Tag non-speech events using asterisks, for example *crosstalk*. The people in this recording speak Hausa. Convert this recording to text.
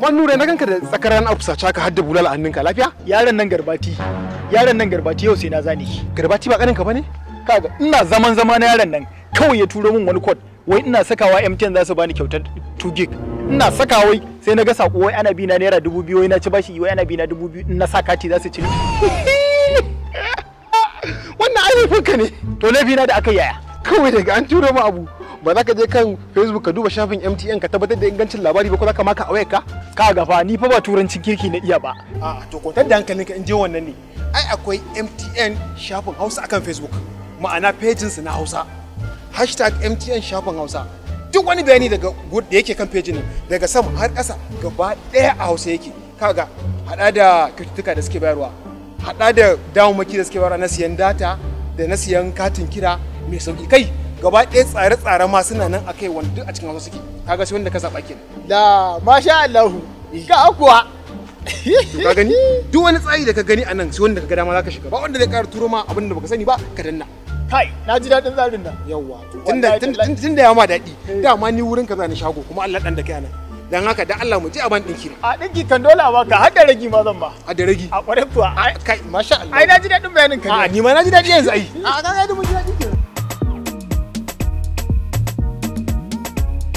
Wani nure na ganka da tsakarar na fusace ka hadda bulala hannunka lafiya? Yaron nan garbati. Yaron nan garbati yau sai na zane shi. Garbati ba kaninka bane? Kaga ina zaman zama na yaron nan kawai ya turo min wani code wai ina sakawa MTN za su bani kyautar 2 gig. Ina saka wai sai na ga sako wai ana bi na naira dubu biyu wai na ci bashi wai ana bi na dubu biyu na sakati za su ci. *laughs* Wannan ai laifinka ne. To na da aka yaya. Kawai daga an turo mu abu ba za ka je kan facebook ka duba shafin mtn ka tabbatar da ingancin labari ba ko za ka maka awaya ka ka gafa ni fa ba turancin kirki na iya ba a to ko da hankalinka in je wannan ne ai akwai mtn shafin hausa akan facebook ma'ana su na hausa hashtag mtn shafin hausa duk wani bayani daga da yake kan pejin daga sama har kasa gaba ɗaya a hausa yake kaga hada da kyaututtuka da suke bayarwa hada da damammaki da suke bayarwa na siyan data da na siyan katin kira mai sauki kai gaba ɗaya tsare-tsare ma suna nan akai wanda duk a cikin wasu suke kaga sai wanda ka zaɓa kenan da masha Allah eh. ga kuwa ka gani duk wani tsari da ka gani a nan sai wanda ka ga dama zaka shiga ba wanda zai ƙara turo ma abin da baka sani ba ka danna kai na ji daɗin tsarin nan yawa tunda tunda ya ma daɗi eh. dama ni wurin ka zani shago kuma Allah dan da kai nan dan haka dan Allah mu ji a ban dinki a dinki kan dole a baka har ragi ma zan ba a da ragi a kwarai kuwa kai masha Allah ai na ji daɗin bayanin ka ni ma na ji daɗi yanzu ai a ga ga mu ji daɗi